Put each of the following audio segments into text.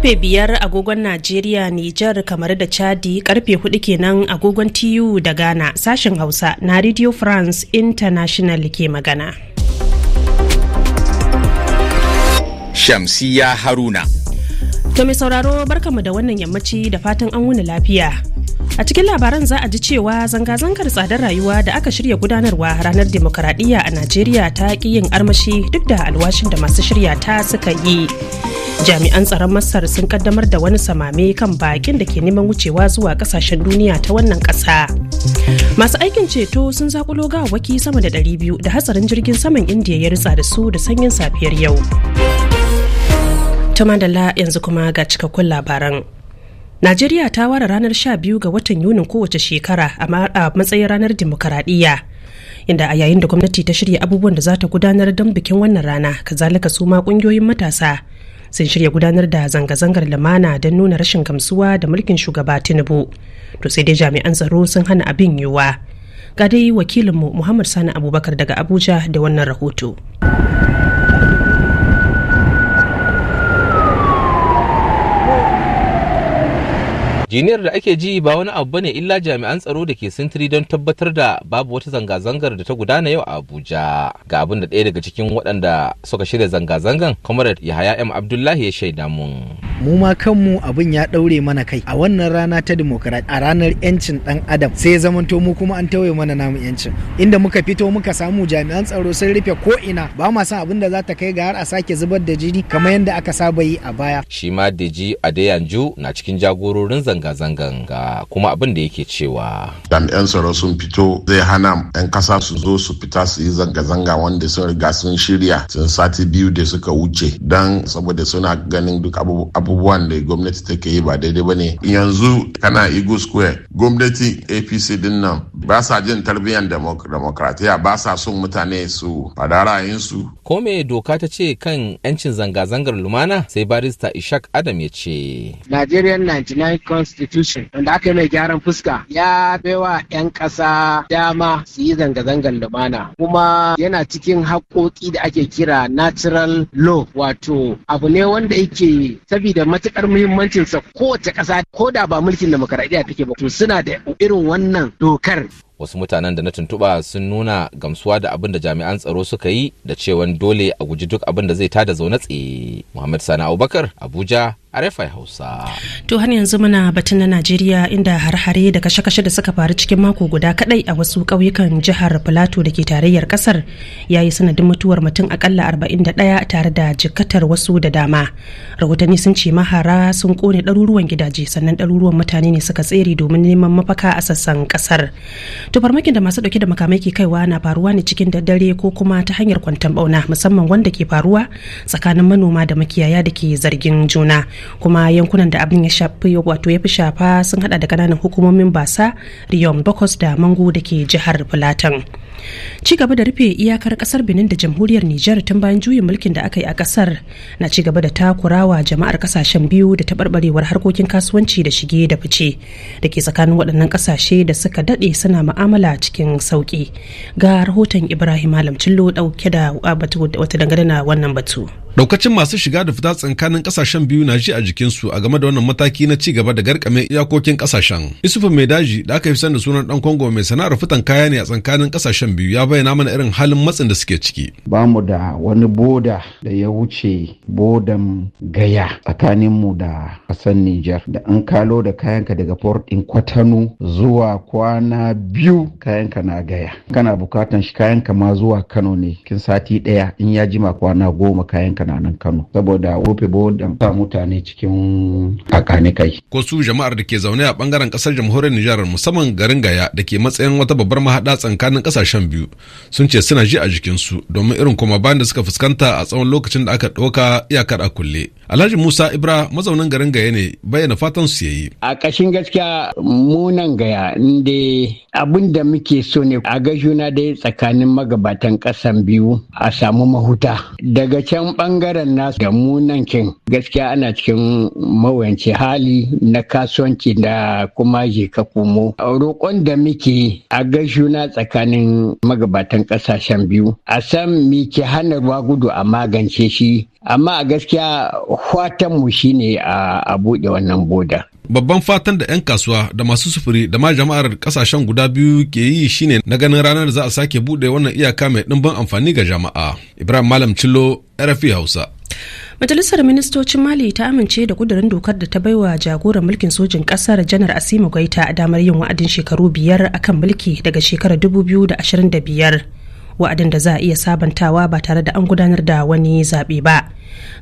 karfe biyar agogon najeriya nijar kamar da chadi karfe hudu kenan agogon tu da ghana sashen hausa na radio france international ke magana shamsiya haruna to mai sauraro barkamu da wannan yammaci da fatan an wuni lafiya A cikin labaran za a ji cewa zanga-zangar tsadar rayuwa da aka shirya gudanarwa ranar demokaradiyya a Najeriya ta ki yin armashi duk da alwashin da masu shirya ta suka yi. Jami'an tsaron Masar sun kaddamar da wani samame kan bakin da ke neman wucewa zuwa kasashen duniya ta wannan ƙasa. Masu aikin ceto sun zakulo gawawwaki sama da ɗari biyu da hatsarin jirgin saman Indiya ya ritsa da su da sanyin safiyar yau. Tuma da yanzu kuma ga cikakkun labaran. Najeriya ta ware ranar 12 ga watan Yunin kowace shekara a matsayin ranar dimokuraɗiyya. Inda a yayin da gwamnati ta shirya abubuwan da za ta gudanar don bikin wannan rana, kazalika su ma ƙungiyoyin matasa sun shirya gudanar da zanga-zangar lamana don nuna rashin gamsuwa da mulkin shugaba Tinubu. To sai dai jami'an tsaro sun hana abin yiwuwa. Ga dai wakilinmu Muhammad Sani Abubakar daga Abuja da wannan rahoto. jiniyar da ake ji ba wani abu bane illa jami'an tsaro da ke sintiri don tabbatar da babu wata zanga-zangar da ta gudana yau a abuja ga abin da ɗaya daga cikin waɗanda suka shirya zanga-zangan comrade yahaya m abdullahi ya shaida mun mu ma kanmu abin ya ɗaure mana kai a wannan rana ta demokarat a ranar yancin ɗan adam sai zamanto mu kuma an tauye mana namu yancin inda muka fito muka samu jami'an tsaro sun rufe ko ina ba ma san abin da za ta kai ga har a sake zubar da jini kamar yadda aka saba yi a baya shi ma deji adeyanju na cikin jagororin zanga zanga-zangan ga kuma abin da yake cewa jami'an tsaro sun fito zai hana 'yan kasa su zo su fita su yi zanga-zanga wanda sun riga sun shirya sun sati biyu da suka wuce don saboda suna ganin duk abubuwan da gwamnati take yi ba daidai ba ne yanzu kana igu square gwamnati apc din nan ba sa jin tarbiyyar demokratiya ba sa son mutane su fada ra'ayinsu ko me doka ta ce kan 'yancin zanga-zangar lumana sai barista ishak adam ya ce nigerian 99 constitution wanda aka yi mai gyaran fuska ya baiwa 'yan ƙasa dama su yi zanga-zangar lumana kuma yana cikin haƙoƙi da ake kira natural law wato abu ne wanda yake saboda matuƙar muhimmancinsa kowace ƙasa ko da ba mulkin demokaradiyya take ba to suna da irin wannan dokar wasu mutanen da na tuntuba sun nuna gamsuwa da abin da jami'an tsaro suka yi da cewa dole a guji duk abin da zai tada zaune tsaye muhammad sani abubakar abuja ya hausa to har yanzu muna batun na najeriya inda har-hare da kashe-kashe da suka faru cikin mako guda kadai a wasu ƙauyukan jihar plateau da ke tarayyar kasar ya yi sanadin mutuwar mutum akalla 41 tare da jikatar wasu da dama rahotanni sun ce mahara sun kone ɗaruruwan gidaje sannan ɗaruruwan mutane ne suka tsere domin neman mafaka a sassan kasar to farmakin da masu ɗauke da makamai ke kaiwa na faruwa ne cikin daddare ko kuma ta hanyar kwantan bauna musamman wanda ke faruwa tsakanin manoma da makiyaya da ke zargin juna kuma yankunan da abin ya shafi wato ya fi shafa sun hada da kananan hukumomin basa riyom bakos da mango da ke jihar filatan ci gaba da rufe iyakar kasar benin da jamhuriyar nijar tun bayan juyin mulkin da aka yi a kasar na ci gaba da takurawa jama'ar kasashen biyu da taɓarɓarewar harkokin kasuwanci da shige da fice da ke tsakanin waɗannan kasashe da suka daɗe suna ma'amala cikin sauƙi ga rahoton ibrahim malam cillo ɗauke da wata dangane na wannan batu daukacin masu shiga da fita tsakanin kasashen biyu na ji a jikinsu a game da wannan mataki na ci gaba da garkame iyakokin kasashen isufu mai daji da aka fi san da sunan dan kongo mai sana'ar fitan kaya ne a tsakanin kasashen biyu ya bayyana mana irin halin matsin da suke ciki bamu da wani boda da ya wuce bodan gaya tsakanin mu da kasar Nijar? da an kalo da kayanka daga port din kwatano zuwa kwana biyu kayanka na gaya kana bukatan shi kayanka ma zuwa kano ne kin sati daya in ya jima kwana goma kayanka Kananan Kano saboda wofe bodan sa mutane cikin kakani kai. Ko su jama'ar da ke zaune a bangaren kasar jamhuriyar Nijar musamman garin Gaya da ke matsayin wata babbar mahaɗa tsakanin kasashen biyu sun ce suna ji a jikin su, domin irin kuma bayan da suka fuskanta a tsawon lokacin da aka ɗauka iyakar a kulle. Alhaji Musa Ibra mazaunin garin Gaya ne bayyana fatan su yayi. A kashin gaskiya munan Gaya inda abin da muke so ne a ga juna dai tsakanin magabatan kasan biyu a samu mahuta. Daga can bangaren nasu da mu nan kin gaskiya ana cikin mawuyanci hali na kasuwanci da kuma je ka komo roƙon da muke a gaishuna tsakanin magabatan ƙasashen biyu a san muke hana ruwa gudu a magance shi amma a gaskiya mu shine a buɗe wannan boda babban fatan da 'yan kasuwa da masu sufuri da ma jama'ar kasashen guda biyu ke yi shine na ganin ranar da za a sake bude wannan iyaka mai ɗimbin amfani ga jama'a ibrahim malam cillo rfi hausa Majalisar Ministocin Mali ta amince da kudurin dokar da ta bai wa jagoran mulkin sojin kasar Janar Asima Gwaita damar yin wa'adin shekaru biyar akan mulki daga shekarar 2025. wa'adin da za a iya sabantawa ba tare da an gudanar da wani zaɓe ba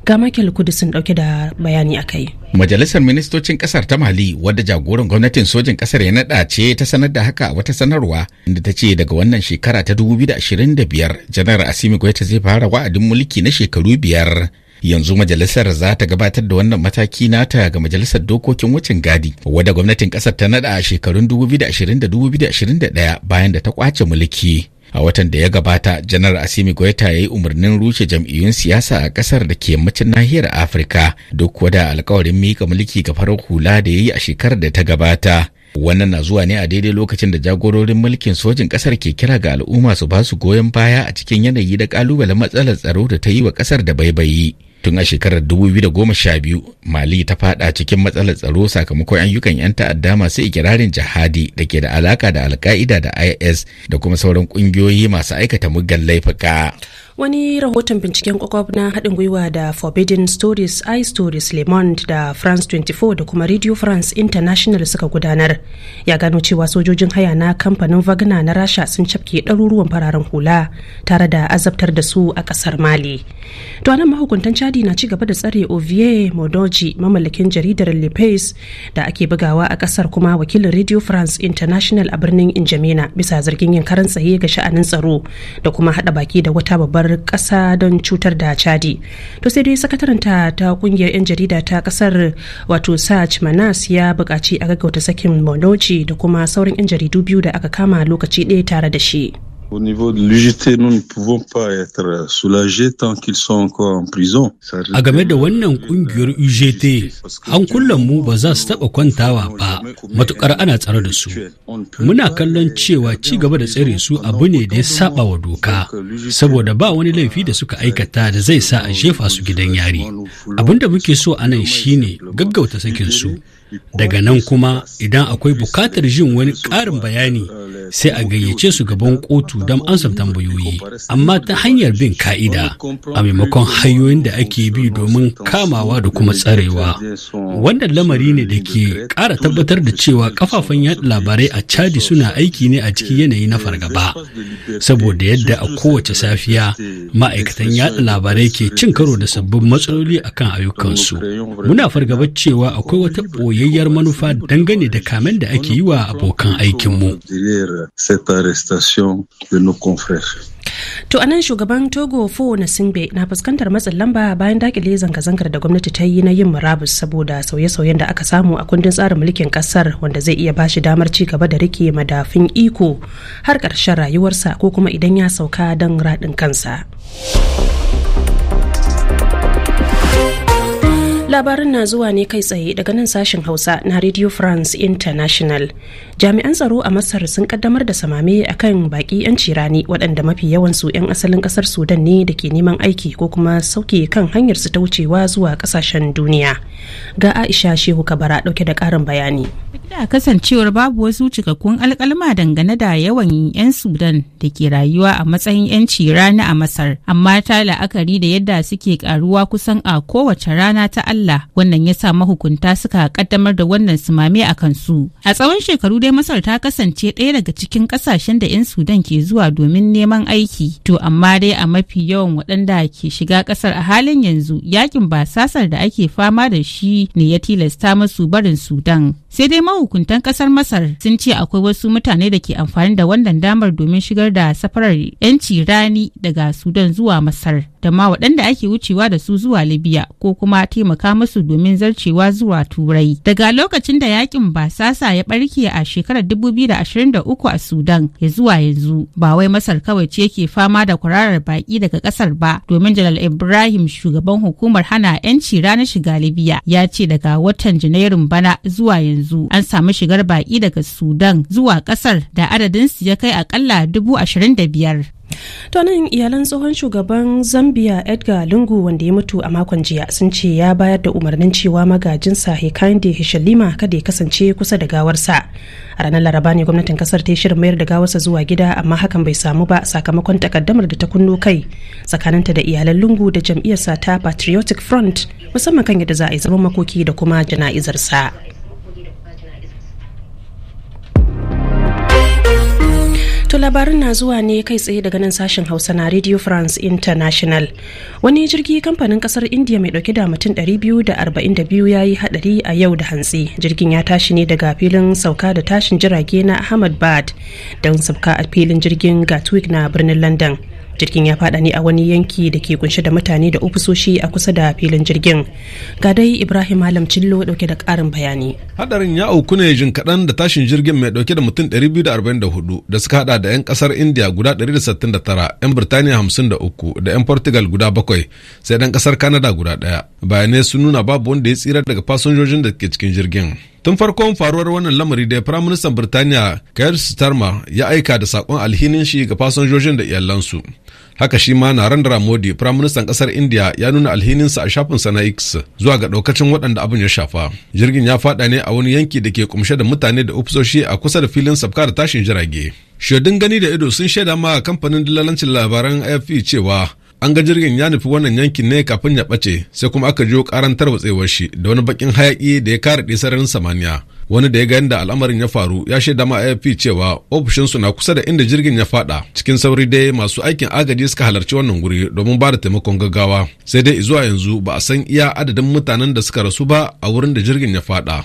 ga michael sun ɗauke da bayani a kai majalisar ministocin ƙasar ta mali wadda jagoran gwamnatin sojin ƙasar ya naɗa ce ta sanar da haka a wata sanarwa inda ta ce daga wannan shekara ta 2025 janar asimi goita zai fara wa'adin mulki na shekaru biyar yanzu majalisar za ta gabatar da wannan mataki nata ga majalisar dokokin wucin gadi wadda gwamnatin kasar ta nada a shekarun 2020 da 2021 bayan da ta kwace mulki a watan da ya gabata janar asimi goita ya yi umarnin rushe jam'iyyun siyasa a kasar da ke yammacin nahiyar afirka duk wada alkawarin mika mulki ga farar hula da ya yi a shekarar da ta gabata wannan na zuwa ne a daidai lokacin da jagororin mulkin sojin kasar ke kira ga al'umma su ba su goyon baya a cikin yanayi da ƙalubale matsalar tsaro da ta yi wa kasar da baibayi tun a shekarar 2012 mali ta fada cikin matsalar tsaro sakamakon ayyukan 'yan ta'adda masu ikirarin jihadi da ke da alaka da alka'ida da is da kuma sauran kungiyoyi masu aikata muggan laifuka wani rahoton binciken kwakwab na haɗin gwiwa da forbidden stories i stories le monde da france 24 da kuma radio france international suka gudanar ya gano cewa sojojin haya na kamfanin vagna na rasha sun cafke ɗaruruwan fararen hula tare da azabtar da su a ƙasar mali to anan mahukuntan chadi na ci gaba da tsare ovie modoji mamallakin jaridar le da ake bugawa a ƙasar kuma wakilin radio france international a birnin injamena bisa zargin yin karan tsaye ga sha'anin tsaro da kuma haɗa baki da wata babbar kasar ƙasa don cutar da chadi to sai dai sakataranta ta kungiyar 'yan jarida ta kasar wato saj manas ya buƙaci a gaggauta sakin monoci da kuma sauran 'yan jaridu biyu da aka kama lokaci ɗaya tare da shi Au niveau de l'UGT, nous ne pouvons pas être soulagés tant qu'ils sont encore en prison. A game da wannan kungiyar ugt an hankulan mu ba za su taɓa kwantawa ba matukar ana tsare da su. Muna kallon cewa ci gaba da tsare su abu ne da ya saba wa doka, saboda ba wani laifi da suka aikata da zai sa a jefa su gidan yari. Abin da muke so a anan shine gaggauta sakin su. daga nan kuma idan akwai bukatar jin wani ƙarin bayani sai a gayyace su gaban kotu don amsa tambayoyi amma ta hanyar bin ka'ida a maimakon hanyoyin da ake bi domin kamawa da kuma tsarewa wannan lamari ne da ke ƙara tabbatar da cewa kafafen yaɗa labarai a chadi suna aiki ne a cikin yanayi na fargaba saboda yadda a kowace safiya ma'aikatan yaɗa labarai ke cin karo da sabbin matsaloli akan ayyukansu muna fargabar cewa akwai wata ɓoye ɓoyayyar manufa dangane da kamen da ake yi wa abokan aikinmu. To anan shugaban Togo Fo Singbe na fuskantar matsin lamba bayan dakile zanga-zangar da gwamnati ta yi na yin murabus saboda sauye-sauyen da aka samu a kundin tsarin mulkin kasar wanda zai iya bashi damar ci gaba da rike madafin iko har karshen rayuwarsa ko kuma idan ya sauka don raɗin kansa. labarin na zuwa ne kai tsaye daga nan sashen hausa na radio france international jami'an tsaro a masar sun kaddamar da samame a kan baki 'yan cirani waɗanda mafi yawansu 'yan asalin ƙasar sudan ne da ke neman aiki ko kuma sauke kan hanyar su ta wucewa zuwa ƙasashen duniya ga aisha shehu kabara ɗauke da karin bayani da kasancewar babu wasu cikakkun alkalma dangane da yawan 'yan sudan da ke rayuwa a matsayin 'yanci cirani a masar amma ta la'akari da yadda suke karuwa kusan a kowace rana ta allah wannan ya sa mahukunta suka kaddamar da wannan sumame a kansu a tsawon shekaru dai. dai Masar ta kasance ɗaya daga cikin ƙasashen da 'yan Sudan ke zuwa domin neman aiki. To amma dai a mafi yawan waɗanda ke shiga ƙasar a halin yanzu yakin basasar da ake fama da shi ne ya tilasta masu barin Sudan. sai dai mahukuntan kasar masar sun ce akwai wasu mutane da ke amfani da wannan damar domin shigar da safarar yanci rani daga sudan zuwa masar da ma waɗanda ake wucewa da su zuwa libya ko kuma taimaka musu domin zarcewa zuwa turai daga lokacin da yakin basasa ya ɓarke a shekarar 2023 a sudan ya zuwa yanzu ba wai masar kawai ce ke fama da kwararar baƙi daga ƙasar ba domin jalal ibrahim shugaban hukumar hana yanci ranar shiga libya ya ce daga watan janairun bana zuwa yanzu yanzu an samu shigar baƙi daga Sudan zuwa ƙasar da adadinsu ya kai akalla dubu ashirin da biyar. To nan iyalan tsohon shugaban Zambia Edgar Lungu wanda ya mutu a makon jiya sun ce ya bayar da umarnin cewa magajinsa Hekande Hishalima kada ya kasance kusa da gawarsa. A ranar Laraba ne gwamnatin kasar ta shirin mayar da gawarsa zuwa gida amma hakan bai samu ba sakamakon takaddamar da ta kunno kai tsakaninta da iyalan Lungu da jam'iyyarsa ta Patriotic Front musamman kan yadda za a yi zaman makoki da kuma jana'izarsa. To labarin na zuwa ne kai tsaye daga nan sashen Hausa na Radio France International. Wani jirgi kamfanin kasar India mai dauke da mutum 242 ya yi hadari a yau da hantsi. Jirgin ya tashi ne daga filin sauka da tashin jirage na Ahmedabad don sauka a filin jirgin Gatwick na birnin London. jirgin ya fada ne a wani yanki da ke kunshe da mutane da ofisoshi a kusa da filin jirgin ga dai ibrahim malam cillo dauke da karin bayani hadarin ya auku ne jin kaɗan da tashin jirgin mai dauke da mutum 244 da suka hada da 'yan kasar india guda 169 'yan birtaniya 53 da 'yan portugal guda 7 sai dan kasar canada guda 1 bayanai sun nuna babu wanda ya tsira daga fasinjojin da ke cikin jirgin Tun farkon faruwar wannan lamari da Firaministan Birtaniya Keir Starmer ya aika da saƙon alhinin shi ga fasinjojin da iyalansu. Haka shi ma na Narendra Modi, ministan ƙasar India ya nuna alhininsa a shafinsa na X zuwa ga ɗaukacin waɗanda abin ya shafa. Jirgin ya faɗa ne a wani yanki da ke kumshe da mutane da ofisoshi a kusa da filin sabka da tashin jirage. Shaidun gani da ido sun shaida ma kamfanin dillalancin labaran AFP cewa an ga jirgin ya nufi wannan yankin ne kafin ya ɓace sai kuma aka jiyo karantar tarwatsewar shi da wani bakin hayaki da ya kare sararin samaniya wani da ya ga yadda al'amarin ya faru ya shaida ma afp cewa ofishinsu na kusa da inda jirgin ya faɗa. cikin sauri dai masu aikin agaji suka halarci wannan guri domin ba da taimakon gaggawa sai dai zuwa yanzu ba a san iya adadin mutanen da suka rasu ba a wurin da jirgin ya faɗa.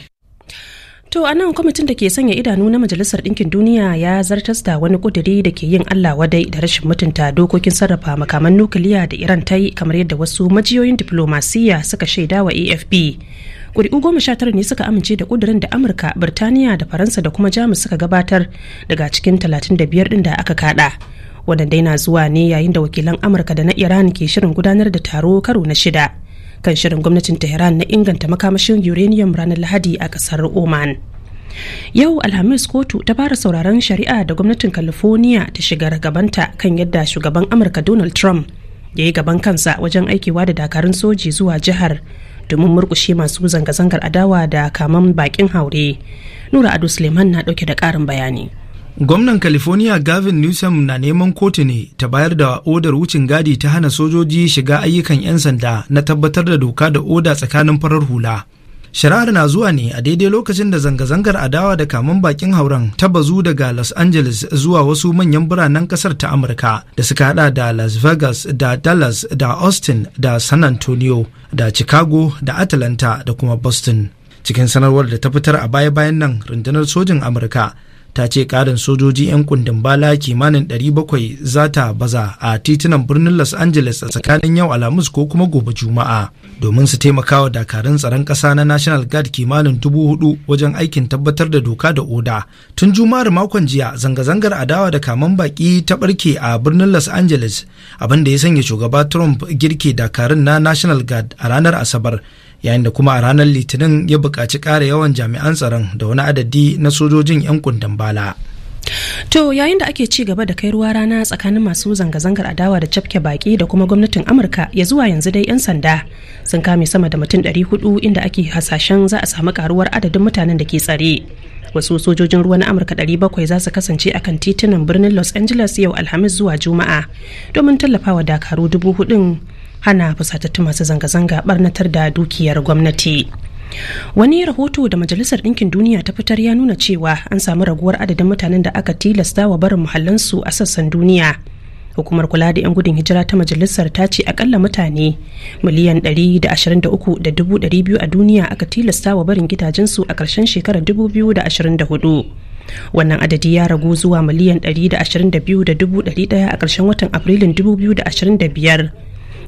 To a nan kwamitin da ke sanya idanu na Majalisar Ɗinkin Duniya ya zartas da wani ƙuduri da ke yin Allah wadai da rashin mutunta dokokin sarrafa makaman nukiliya da Iran ta yi kamar yadda wasu majiyoyin diflomasiyya suka shaida wa AFP. ƙuri'u goma sha tara ne suka amince da ƙudurin da Amurka, Birtaniya da Faransa da kuma Jamus suka gabatar daga cikin 35 ɗin da aka kada. Wadanda yana zuwa ne yayin da wakilan Amurka da na Iran ke shirin gudanar da taro karo na shida. kan shirin gwamnatin tehran na inganta makamashin uranium ranar lahadi a kasar oman yau alhamis kotu ta fara sauraron shari'a da gwamnatin california ta shiga gabanta kan yadda shugaban amurka donald trump ya yi gaban kansa wajen aikewa da dakarun soji zuwa jihar domin murkushe masu zanga-zangar adawa da kaman bakin haure nura ado suleiman na dauke da karin bayani Gwamnan California Gavin Newsom na neman kotu ne ta bayar da odar wucin gadi ta hana sojoji shiga ayyukan 'yan sanda na tabbatar da doka da oda tsakanin farar hula. Shari'ar na zuwa ne a daidai lokacin da zanga-zangar adawa da kamun bakin hauren ta bazu daga Los Angeles zuwa wasu manyan biranen kasar ta Amurka da suka hada da Las Vegas da Dallas da Austin da San Antonio da Chicago da Atlanta da kuma Boston. Cikin sanarwar da ta fitar a baya-bayan nan rundunar sojin Amurka ta ce karin sojoji 'yan kundin bala kimanin 700 za ta baza a titunan birnin los angeles a tsakanin yau alhamis ko kuma gobe juma'a domin su taimaka wa dakarun tsaron ƙasa na national guard kimanin dubu wajen aikin tabbatar da doka da oda tun juma'ar makon jiya zanga-zangar adawa da kaman baki ta barke a birnin los angeles abin ya sanya shugaba trump girke dakarun na national guard a ranar asabar yayin da kuma a ranar litinin ya buƙaci ƙara yawan jami'an tsaron da wani adadi na sojojin 'yan kundan bala. To yayin da ake ci gaba da kai ruwa rana tsakanin masu zanga-zangar adawa da cafke baki da kuma gwamnatin Amurka ya zuwa yanzu dai 'yan sanda sun kame sama da mutum 400 inda ake hasashen za a samu karuwar adadin mutanen da ke tsare. Wasu sojojin ruwa na Amurka 700 za su kasance a kan titunan birnin Los Angeles yau Alhamis zuwa Juma'a domin tallafawa dakaru dubu hudun hana fusatattu masu zanga-zanga barnatar da dukiyar gwamnati wani rahoto da majalisar ɗinkin duniya ta fitar ya nuna cewa an samu raguwar adadin mutanen da aka tilasta wa barin muhallansu a sassan duniya hukumar kula da 'yan gudun hijira ta majalisar ta ce akalla mutane miliyan 123,200 a duniya aka tilasta wa barin gidajensu a ƙarshen shekarar 2024 wannan adadi ya ragu zuwa miliyan 122,100 a karshen watan afrilun 2025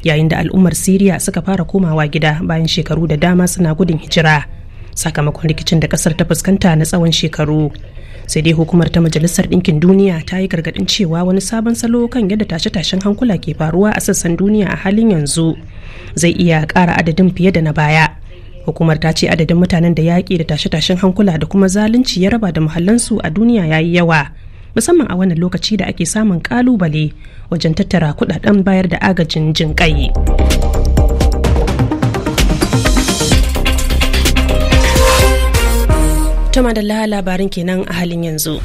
yayin da al'ummar siriya suka fara komawa gida bayan shekaru da dama suna gudun hijira sakamakon rikicin da kasar ta fuskanta na tsawon shekaru sai dai hukumar ta majalisar ɗinkin duniya ta yi gargaɗin cewa wani sabon salo kan yadda tashe-tashen hankula ke faruwa a sassan duniya a halin yanzu zai iya ƙara adadin fiye da na baya hukumar ta ce adadin mutanen da yaƙi da tashe-tashen hankula da kuma zalunci ya raba da muhallansu a duniya ya yi yawa musamman a wannan lokaci da ake samun kalubale wajen tattara kudaden bayar da agajin kai. Tuma da labarin kenan a halin yanzu.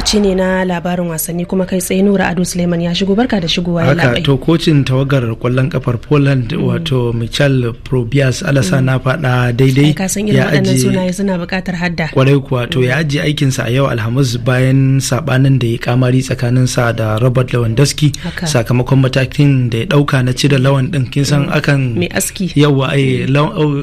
lokaci ne na labarin wasanni kuma kai tsaye nura ado suleiman ya shigo barka da shigowa ya labai to kocin tawagar kwallon kafar poland mm. wato michal probias alasa mm. na fada daidai ya aji hadda kwarai kuwa to ya mm. ajiye aikinsa a yau alhamis bayan sabanin da ya kamari tsakanin sa da robert lewandowski sakamakon matakin da ya dauka na cire lawan ɗin kin san akan mai aski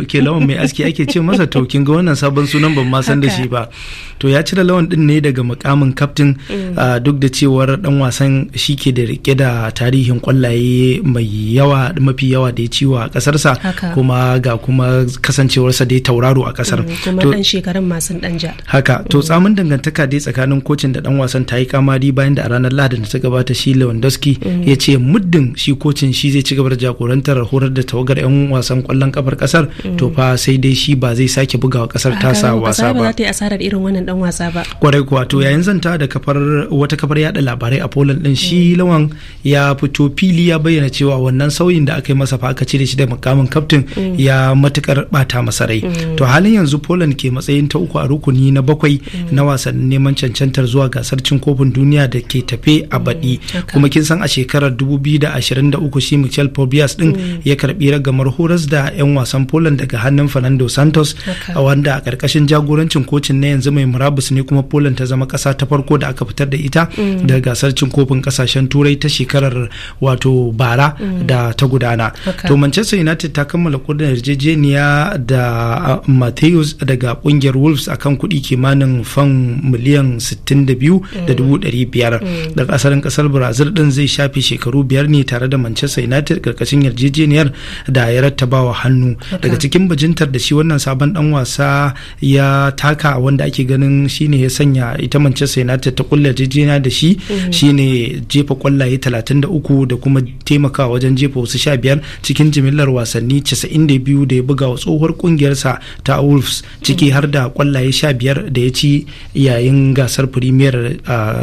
ke lawan mai aski ake ce masa to kin ga wannan sabon sunan ban ma san da shi ba to ya cire lawan din ne daga mukamin kaftin mm. uh, duk da cewar dan wasan shi ke da rike da tarihin kwallaye mai yawa mafi yawa da ya ci a kasarsa kuma ga kuma kasancewarsa ya tauraro a kasar mm, kuma dan shekarun masu dan ja haka to mm. tsamin dangantaka dai tsakanin kocin da dan wasan ta yi kamari bayan da a ranar lahadin da ta gabata shi lewandowski ya ce muddin shi kocin shi zai ci gaba da jagorantar horar da tawagar yan wasan kwallon kafar kasar to fa sai dai shi ba zai sake bugawa kasar tasa wasa ba ba za ta yi asarar irin wannan dan wasa ba kwarai kuwa yayin zan ya da kafar wata kafar yada labarai a Poland din shi mm. lawan ya fito fili ya bayyana cewa wannan sauyin da aka yi masa fa aka cire shi da mukamin kaftin mm. ya matukar bata masa rai mm. to halin yanzu Poland ke matsayin ta uku a rukuni na bakwai na wasannin neman cancantar zuwa gasar cin kofin duniya da ke tafe a baɗi kuma kin san a shekarar 2023 shi Michel Pobias din ya karbi ragamar horas da 'yan wasan Poland daga hannun Fernando Santos a wanda a ƙarƙashin jagorancin kocin na yanzu mai murabus ne kuma Poland ta zama ƙasa ta farko farko da aka fitar da ita da gasar cin kofin kasashen turai ta shekarar wato bara da ta gudana to manchester united ta kammala kudin yarjejeniya da uh, matthews daga kungiyar wolves akan kudi kimanin fan miliyan 62,500 da kasarin mm. kasar brazil din zai shafe shekaru biyar ne tare da manchester united karkashin yarjejeniyar da ya rattabawa hannu daga cikin bajintar da shi wannan sabon dan wasa ya taka wanda ake ganin shine ya sanya ita manchester na ta kulla jijina da shi mhm. shine jefa kwallaye 33 da kuma taimakawa wajen jefa wasu 15 cikin jimillar wasanni 92 da ya buga wa tsohuwar kungiyarsa ta wolves ciki mhm. har da kwallaye 15 da ya ci yayin gasar premier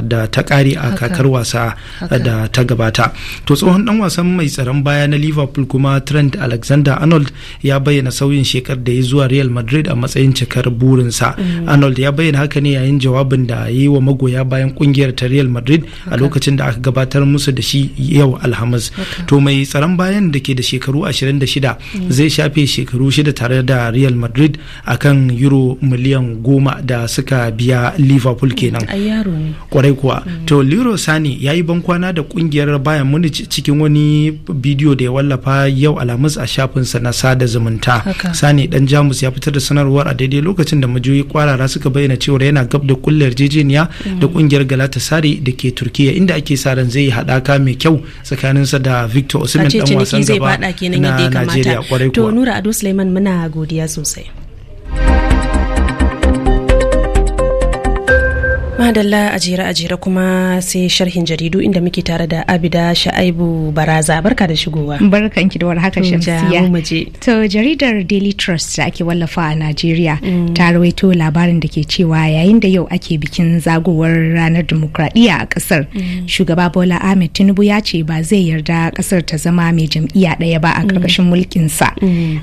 da ta kare a kakar wasa da ta gabata to tsohon dan wasan mai tsaron baya na liverpool kuma trent alexander arnold ya bayyana sauyin shekar da ya zuwa real madrid a matsayin cikar burinsa mhm. arnold ya bayyana haka ne yayin jawabin da ya yi wa magoya bayan kungiyar ta Real Madrid a lokacin da aka gabatar musu da shi yau Alhamis. To mai tsaron bayan da ke da shekaru 26 mm. zai shafe shekaru shida tare da Real Madrid a kan euro miliyan goma da suka biya Liverpool kenan. Kwarai kuwa. Mm. To lero sani ya yi bankwana da kungiyar bayan muni cikin wani bidiyo da ya wallafa yau Alhamis a shafinsa na sada zumunta. sani dan Jamus ya fitar da sanarwar a daidai lokacin da majiyoyi kwarara suka bayyana cewa yana gab da kullar yarjejeniya da kungiyar sari da ke turkiya inda ake sa ran zai haɗaka mai kyau tsakanin sa da victor osimhen dan wasan gaba na nigeria kwarai kuwa to nura ado suleiman muna godiya sosai madalla a jira a jira kuma sai sharhin jaridu inda muke tare da abida sha'aibu baraza barka da shigowa barkan ki da warhaka shamsiya to jaridar daily trust da ake wallafa a najeriya mm. ta rawaito labarin da ke cewa yayin da yau ake bikin zagowar ranar demokradiyya a kasar mm. shugaba bola ahmed tinubu ya ce ba zai yarda kasar ta zama mai jam'iyya daya ba a mm. ƙarƙashin mulkinsa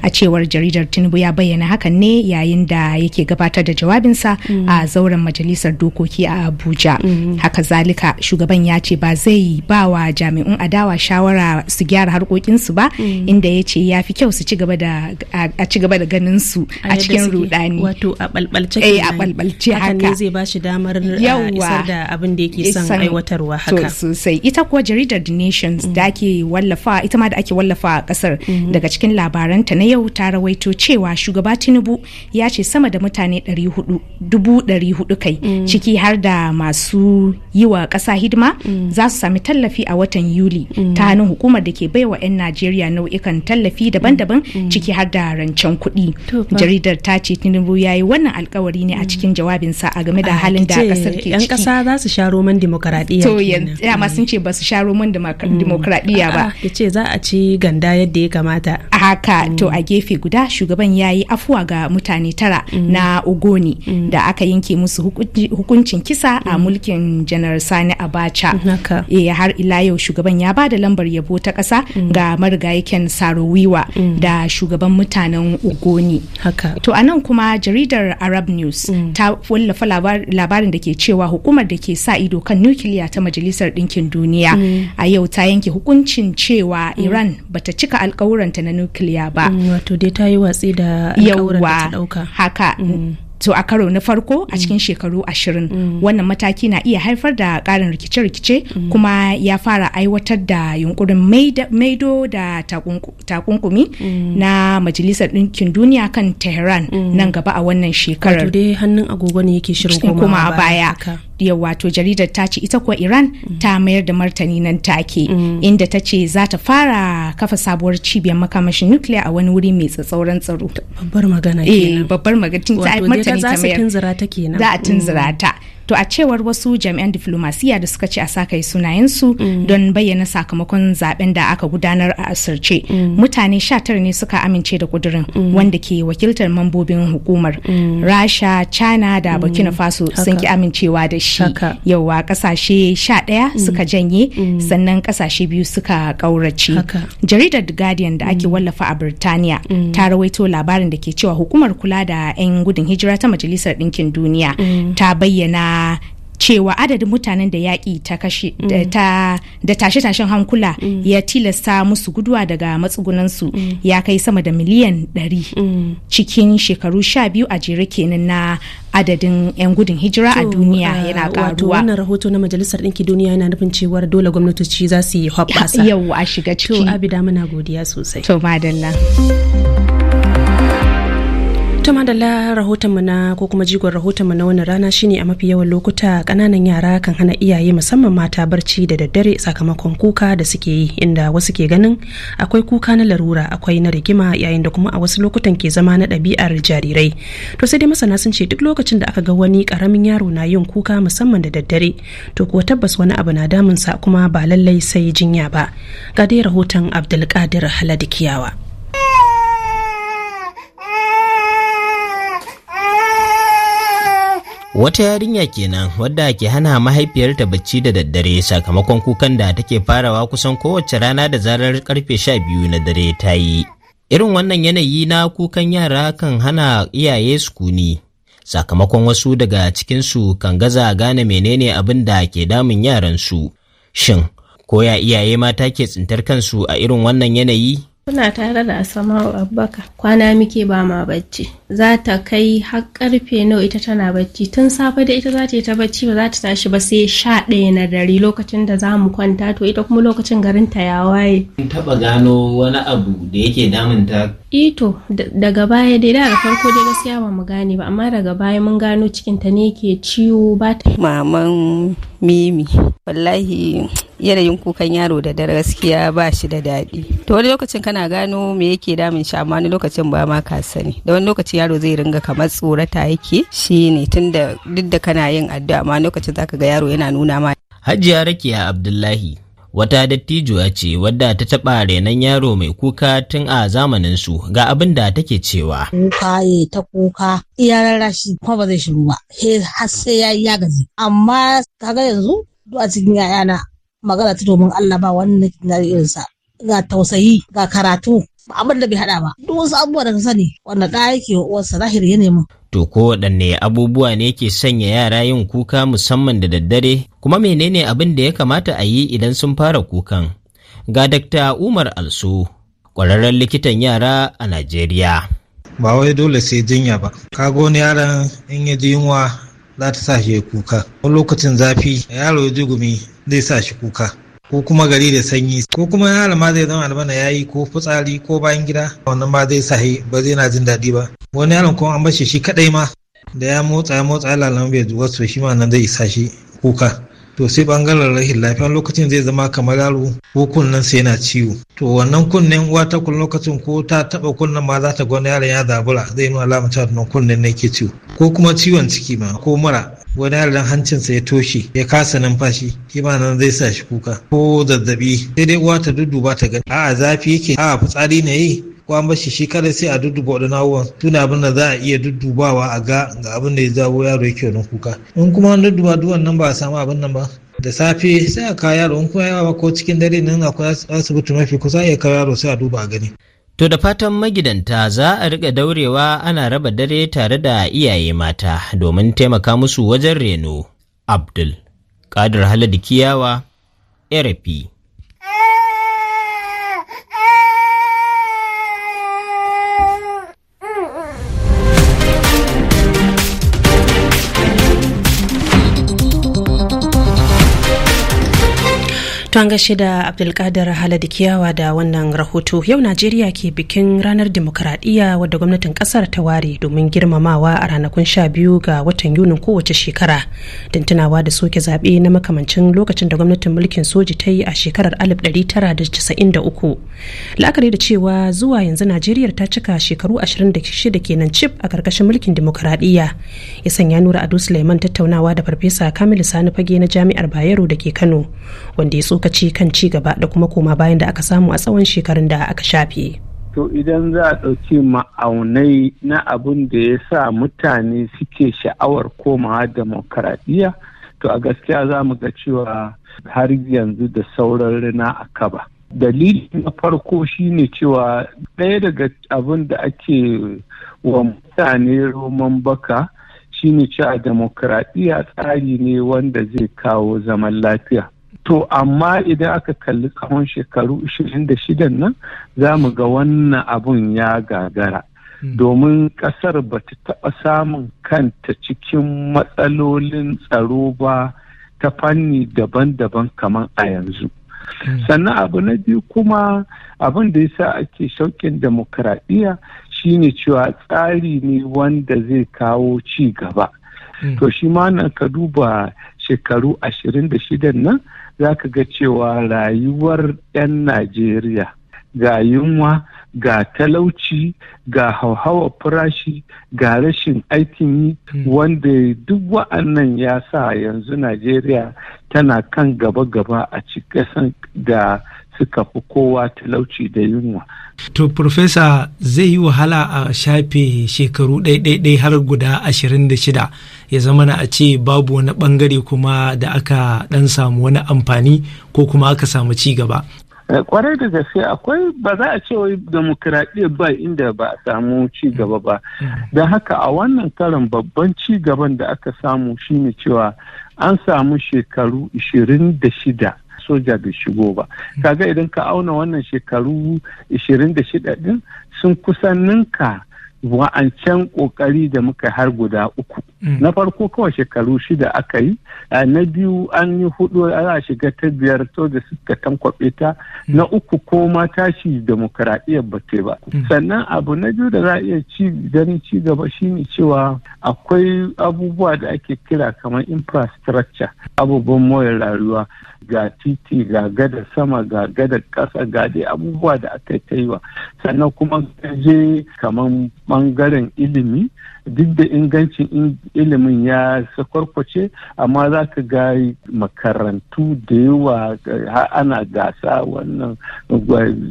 a cewar jaridar tinubu ya bayyana hakan ne yayin da yake gabatar da jawabinsa a zauren majalisar dokoki a abuja mhm. haka zalika shugaban ya ce ba zai ba wa jami'un adawa shawara su gyara harkokinsu ba mhm. inda ya ce ya fi kyau su ci gaba da a da ganin su a cikin rudani wato a balbalce eh a ɓalɓalce haka hakan zai ba shi damar isar da abin da yake son aiwatarwa haka sosai ita kuwa jaridar the nations mhm. da ake wallafa ita ma da ake wallafa a kasar daga cikin labaranta na yau ta rawaito cewa shugaba tinubu ya ce sama da mutane dubu dubu hudu kai mm. ciki har da masu yi wa ƙasa hidima mm. za su sami tallafi a watan yuli mm. ta hannun hukumar da ke baiwa 'yan najeriya nau'ikan tallafi daban-daban mm. ciki har da rancen kuɗi jaridar ta ce tinubu ya yi wannan alkawari ne a cikin jawabinsa a game da halin da ƙasar ke ciki 'yan ƙasa za su sha roman dimokuraɗiyya to sun ce ba su sha roman dimokuraɗiyya ba ya ce za a ci ganda yadda ya kamata haka to a gefe guda shugaban ya yi afuwa ga mutane tara na ugoni da aka yanke musu hukuncin kisa a mm-hmm. mulkin janar sani abacha e, har ila yau shugaban ya ba da lambar yabo ta kasa mm. ga marigayiken sarowiwa mm. da shugaban mutanen ugoni to anan kuma jaridar arab news mm. ta wallafa labarin da ke cewa hukumar da ke sa ido kan nukiliya ta majalisar ɗinkin duniya a yau ta yanke hukuncin cewa iran bata cika alkawuranta na nukiliya ba wato dai ta yi watsi da alkawuranta ta dauka haka to a karo na farko a mm. cikin shekaru ashirin mm. wannan mataki na iya haifar da ƙarin rikice-rikice mm. kuma ya fara aiwatar da yunkurin maido da takunkumi na majalisar ɗinkin duniya kan tehran nan gaba a wannan shekarar. dai hannun agogo ne yake shirin kuma a baya. wato jaridar ta ce ita kuwa iran ta mayar da martani nan take inda ta ce za ta fara kafa sabuwar cibiyar makamashin nukiliya a wani wuri mai tsatsauran tsaro babbar magana eh, kenan babbar magana ta martani ta mayar za ta kenan za a tunzura mm. ta to a cewar wasu jami'an diflomasiya da suka ce a sa kai sunayensu don bayyana sakamakon zaben da aka gudanar a asirce mutane 19 ne suka amince da kudurin wanda ke wakiltar mambobin hukumar rasha china da burkina faso sun ki amincewa da shi yauwa kasashe 11 suka janye sannan kasashe biyu suka kaurace jaridar the guardian da ake mm. wallafa a birtaniya mm. ta rawaito labarin da ke cewa hukumar kula da 'yan gudun hijira ta majalisar ɗinkin duniya mm. ta bayyana cewa adadin mutanen da yaƙi ta kashe mm. da tashe-tashen hankula mm. ya tilasta musu guduwa daga matsugunansu mm. ya kai sama da miliyan 100 cikin shekaru sha biyu a jere kenan na adadin 'yan gudun hijira a duniya uh, yana karuwa. wannan rahoto na majalisar ɗinki duniya yana nufin cewa dole gwamnatoci za su yi hoɓɓasa. yau a shiga ciki. to abida muna godiya sosai. to madalla. ta madalla rahotonmu na ko kuma jigon rahotonmu na wani rana shine a mafi yawan lokuta kananan yara kan hana iyaye musamman mata barci da daddare sakamakon kuka da suke yi inda wasu ke ganin akwai kuka na larura akwai na rigima yayin da kuma a wasu lokutan ke zama na ɗabi'ar jarirai to sai dai masana sun ce duk lokacin da aka ga wani karamin yaro na yin kuka musamman da daddare to kuwa tabbas wani abu na damunsa kuma ba lallai sai jinya ba ga dai rahoton abdulkadir haladikiyawa Wata yarinya kenan wadda ke hana mahaifiyarta bacci da daddare sakamakon kukan da take farawa kusan kowace rana da zarar karfe sha biyu na dare ta yi. Irin wannan yanayi na kukan yara kan hana iyaye sukuni. Sakamakon wasu daga cikinsu kan gaza gane menene abin da ke damun yaransu. Shin, koya iyaye mata ke tsintar kansu a irin wannan yanayi? Suna tare da Asama'u Abubakar, kwana muke ba ma bacci. za ta kai har karfe nawa ita tana bacci tun safe da ita za ta yi ta bacci ba za ta tashi ba sai sha ɗaya na dare lokacin da za mu kwanta to ita kuma lokacin garin ta ya waye. taɓa gano wani abu da yake damunta? Ito eh daga baya dai da farko dai gaskiya ba mu gane ba amma daga baya mun gano cikin ta ne ke ciwo ba ta. Maman Mimi wallahi yanayin kukan yaro da dare gaskiya ba shi da daɗi. To wani lokacin kana gano me yake damun shi amma wani lokacin ba ma ka sani da wani lokacin yaro zai ringa kamar tsorata yake shine tunda duk da kana yin addu'a ma lokacin zaka ga yaro yana nuna ma Hajiya Rakiya Abdullahi wata dattijuwa ce wadda ta taɓa renon yaro mai kuka tun a zamanin su ga abin da take cewa. Kuka ye ta kuka iya rashi kuma ba zai shiru ba har sai ya ya gaji amma kaga yanzu a cikin yayana magana ta domin Allah ba wannan na irinsa ga tausayi ga karatu abin da bai hada ba duk wasu abubuwa da ka sani wanda ɗa yake wa uwarsa zahiri ya nemi. To ko waɗanne abubuwa ne ke sanya yara yin kuka musamman da daddare kuma menene abin da ya kamata a yi idan sun fara kukan? Ga Dr. Umar alsu ƙwararren likitan yara a Najeriya. Ba wai dole sai jinya ba, ka wani yaran in ya ji yunwa za ta sa shi kuka. Wani lokacin zafi yaro ya ji gumi zai sa shi kuka. ko kuma gari da sanyi ko kuma ya ma zai zama almana ya yi ko fitsari ko bayan gida wannan ba zai sahi, ba zai na jin daɗi ba wani yaron kuma an bashi shi kaɗai ma da ya motsa ya motsa lalan bai zuwa so shi ma nan zai sa shi kuka to sai bangaren rahin lafiya lokacin zai zama kamar yaro ko kunnen sai yana ciwo to wannan kunnen uwa ta kun lokacin ko ta taɓa kunnen ma za ta ga yaron ya zabura zai nuna alamar cewa kunnen ne ke ciwo ko kuma ciwon ciki ma ko mura wani yaran hancinsa ya toshe ya kasa numfashi kima nan zai sa shi kuka ko zazzabi sai dai uwa ta dudduba ta gani a'a zafi yake a'a fitsari ne yi ko an bashi shi kada sai a dudduba waɗannan abubuwan tun abin da za a iya duddubawa a ga ga abin da ya zabo yaro yake wani kuka in kuma an dudduba duk wannan ba a samu abin nan ba da safe sai a kawo yaro in kuma yawa ko cikin dare nan akwai asibiti mafi kusa ya kawo yaro sai a duba a gani To da fatan magidanta za a riƙa daurewa ana raba dare tare da iyaye mata domin taimaka musu wajen reno. Abdul, Kadir Haladu Kiyawa, Erefi. An gashi da Abdulkadir Haladu Kiyawa da wannan rahoto yau Najeriya ke bikin ranar dimokuraɗiyya wadda gwamnatin kasar ta ware domin girmamawa a ranakun sha biyu ga watan Yunin kowace shekara don tunawa da soke zaɓe na makamancin lokacin da gwamnatin mulkin soji ta yi a shekarar 1993. La'akari da cewa zuwa yanzu Najeriya ta cika shekaru 26 kenan cif a karkashin mulkin dimokuraɗiyya ya sanya Nura Ado Suleiman tattaunawa da Farfesa Kamilu Sani Fage na Jami'ar Bayero da ke Kano wanda ya tsokaci kan ci gaba da kuma koma bayan da aka samu a tsawon shekarun da aka shafe. To idan za a ɗauki ma'aunai na abin da ya sa mutane suke sha'awar komawa demokaradiyya to a gaskiya za mu ga cewa har yanzu da sauran rina a kaba. Dalili na farko shine cewa ɗaya daga abin da ake wa mutane roman baka shine cewa demokaradiyya tsari ne wanda zai kawo zaman lafiya. to amma idan aka kalli tsawon shekaru 26 nan za mu ga wannan abun ya gagara hmm. domin kasar ba ta taɓa samun kanta cikin matsalolin tsaro ba ta fanni daban-daban kamar a yanzu hmm. sannan abu na biyu kuma abin da yasa ake shauƙin Shi shine cewa tsari ne wanda zai kawo ci gaba hmm. to shi ma nan ka duba shekaru ashirin nan za ka ga cewa rayuwar 'yan Najeriya ga yunwa ga talauci ga hauhawa farashi ga rashin aikin yi hmm. wanda duk wa'annan ya sa yanzu Najeriya tana kan gaba-gaba a cikin da suka fi kowa talauci da yunwa. To, Profesa zai yi wahala a shafe shekaru ɗaiɗaiɗai har guda ashirin da shida ya zama na a ce babu wani ɓangare kuma da aka ɗan samu wani amfani ko kuma aka samu ci gaba. kwarai eh, da gaske akwai ba za a ce wai demokuraɗiyya ba inda ba a samu ci gaba ba mm. da haka a wannan karin babban ci gaban da aka samu shine cewa an samu shekaru da shida. soja bai shigo ba kaga idan ka auna wannan shekaru 26 din sun kusan ninka wa'ancan kokari da muka har guda uku mm. na farko kawai shekaru shida aka yi na biyu an yi hudu ana shiga ta biyar to da suka tankwabe ta mm. na uku ko ma tashi demokaradiyyar ba ba mm. sannan abu na biyu da za a iya ci ganin ci gaba shine cewa akwai abubuwa da ake kira kamar infrastructure abubuwan more rayuwa ga titi ga gada sama ga gada kasa ga dai abubuwa da aka yi wa sannan kuma je kamar bangaren ilimi duk da ingancin ilimin ya sakwarkwace amma za ka ga makarantu da yawa ana gasa wannan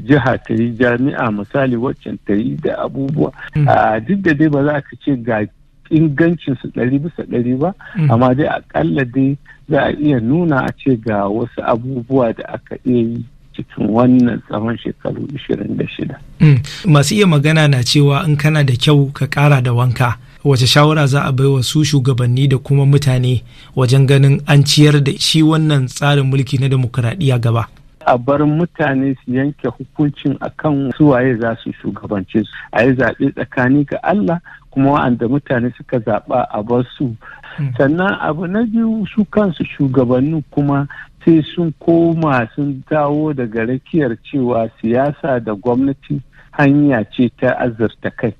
jiha ta yi jami'a misali waccan ta yi da abubuwa hmm. duk da dai ba za ka ce ga ingancin su ɗari bisa ɗari ba hmm. amma dai akalla dai za a iya nuna a ce ga wasu abubuwa da aka iya yi cikin wannan tsawon shekaru 26. Mm. Masu iya magana na cewa in kana da kyau ka kara da wanka. Wace shawara za a baiwa su shugabanni da kuma mutane wajen ganin an ciyar da shi wannan tsarin mulki na demokuraɗiyya gaba? a bar mutane su yanke hukuncin akan suwaye za su shugabance su a yi zaɓe tsakani ga Allah kuma wa'anda mutane suka zaɓa a bar su mm. sannan abu na biyu su kansu shugabannin kuma sai sun koma sun dawo daga rakiyar cewa siyasa da gwamnati hanya ce ta azurta kai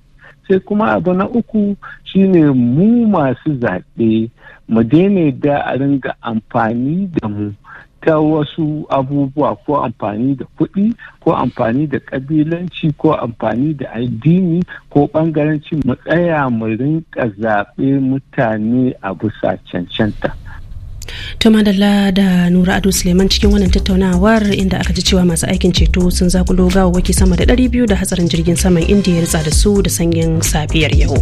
sai kuma abu na uku shine mu masu zaɓe mu daina da a ringa amfani da mu ta wasu abubuwa ko amfani da kuɗi ko amfani da ƙabilanci ko amfani da addini ko ɓangaranci mu tsaya mu rinka zaɓe mutane a bisa cancanta. to madalla da nura ado suleiman cikin wannan tattaunawar inda aka ji cewa masu aikin ceto sun zakulo gawawwaki sama da 200 da hatsarin jirgin saman indiya ya da su da sanyin safiyar yau